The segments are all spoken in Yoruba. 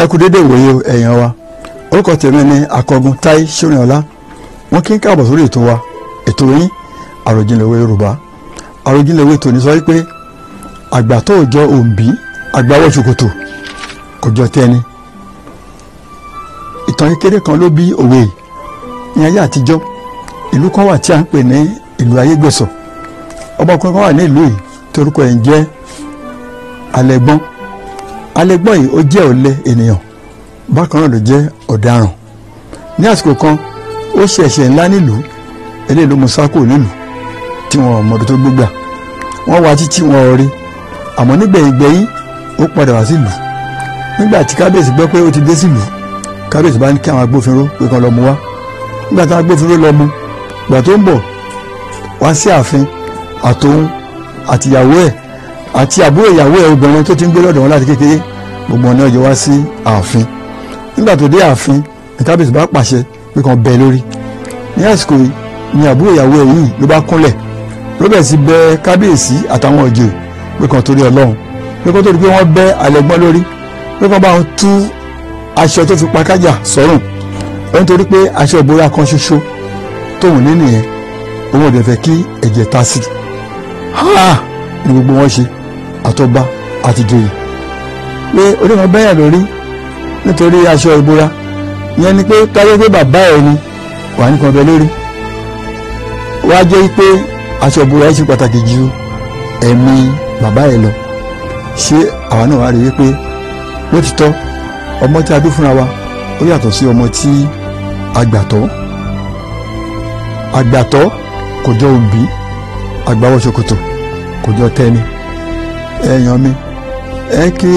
ẹ kú dédé ìwòye ẹ̀yàn wa orúkọ tèmi ni akọgun tai sorinola wọn kí n káàbọ̀ sórí ètò wa ètò yín àròjinlẹ̀ òwe yorùbá àròjinlẹ̀ òwe tòní sọ wípé àgbà tó jọ òǹbí àgbà wọ ṣòkòtò kò jọ tẹni ìtàn kékeré kan ló bí òwe ní ayé àtijọ́ ìlú kan wà tí a ń pè ní ìlú ayégbèsọ ọmọkùnrin kan wà ní ìlú yìí torúkọ ẹ̀ ń jẹ́ alẹ́gbọ́n alẹ́gbọ́n yìí ó jẹ́ ọ̀lẹ ènìyàn bákan náà ló jẹ́ ọ̀daràn ní àsìkò kan ó ṣe ẹ̀ṣẹ̀ ńlá nílùú eléyìí ló mú sákò nílùú tí wọn ò mọdún tó gbégbà wọn wá títí wọn ò rí àmọ́ nígbẹ̀yìn gbẹ̀yìn ó padà wá sílùú nígbà tí kábíyèsí gbọ́ pé ó ti dé sílùú kábíyèsí bá ní kí àwọn agbófinró pé kàn lọ́ọ́ wá nígbà tí agbófinró lọ́ọ́ mú gbà tó ń bọ̀ wá sí ààfin àtòun àtìyàwó ẹ̀ àti àbúrò ìyàwó ẹ̀ obìnrin tó ti ń gbé lọ́dọ̀ wọn láti kékeré gbogbo ọ̀nà ọ̀yẹ́ wá sí ààfin nígbà tó dé ààfin ní kábíyèsí bá pàṣẹ pé kàn bẹ lórí ní àsìkò ni àbúrò ìyàwó ẹ̀ yìí ló bá kúnlẹ̀ ló bẹ̀ sí bẹ kábíyèsí àtàwọn ọ̀jẹ̀ pé kàn torí ọlọ́run pé kó tó pé wọ́n bẹ àlẹ́gbọ́n lórí pé kàn bá wọn tú aṣọ tó fi pa kájà sọ́rùn ó ń torí pé aṣọ ìbora kan ṣoṣo tóun ní nìyẹn òun àti joyè pé onímọ̀ bẹ́yà lórí nítorí aṣọ ìbora ìyẹn ni pé káyọ̀ pé bàbá ẹ̀ ni wà ní kan bẹ lórí wàá jẹ́ pé aṣọ ìbora ẹ̀ ṣe pàtàkì ju ẹ̀mí bàbá ẹ̀ lọ ṣé àwa náà wàá rí i pé lótìtọ́ ọmọ tí a bí fúnra wa ó yàtọ̀ sí ọmọ tí àgbàtọ́ àgbàtọ́ kò jọ òbí àgbàwọ̀ kò jọ tẹ́ni ẹ̀yàn mi ẹ kí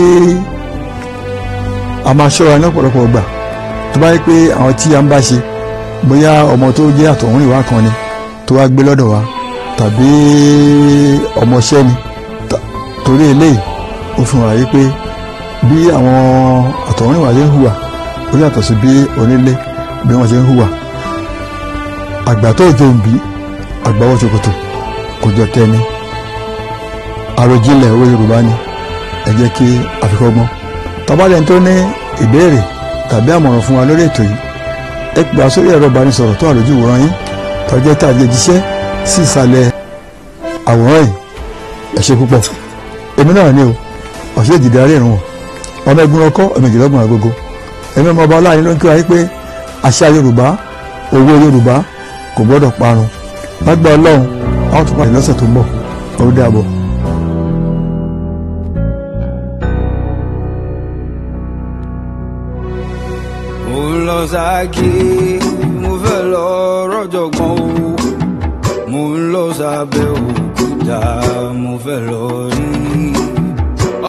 a máa ṣọ́ra ní ọ̀pọ̀lọpọ̀ ọgbà tó bá yẹ pé àwọn tí a ń bá ṣe bóyá ọmọ tó jẹ́ àtọ̀hún ìwà kan ni tó wá gbé lọ́dọ̀ wa tàbí ọmọọṣẹ́ ni torí eléyìí ó fi hàn wáyé pé bí àwọn àtọ̀hún ìwà ṣe ń hùwà ó yàtọ̀ sí bí onílé bí wọ́n ṣe ń hùwà àgbà tó jòǹbí àgbà wọ́n ṣòkòtò kò jọ tẹ́ni àròjinlẹ̀ owó Yorùbá ni ẹ jẹ́ kí àfikọ́gbọ́n tọ́bálẹ̀ tó ní ìbéèrè tàbí àmọ̀ràn fún wa lórí ètò yìí ẹ pè á sórí ẹ̀rọ ìbánisọ̀rọ̀ tó wà lójú ìwòran yín tọ́jẹ́ tá a lè jíṣẹ́ sí ìsàlẹ̀ àwòrán yìí ẹ ṣe púpọ̀ èmi náà ni o ọ̀ṣẹ́ ìjìdí arí ìrùn wọn ọmọ ẹgbẹ́ ọkọ ọmọ ìjìdọ́gbọ̀n agogo ẹ̀mí ọmọ ọba ọláyìn ló ń kí wa yí pé àṣà Yorùbá òwe Yorùbá kò gbọ́dọ̀ parun lágbà Ọlọ́run àwọn tó pàdé lọ́sẹ̀ tó ń bọ̀ ó dàbọ̀. sáàkì mo fẹ́ lọ rọ́jọ̀gbọ́n o mo ń lọ sábẹ́ òkúta mo fẹ́ lọ rí.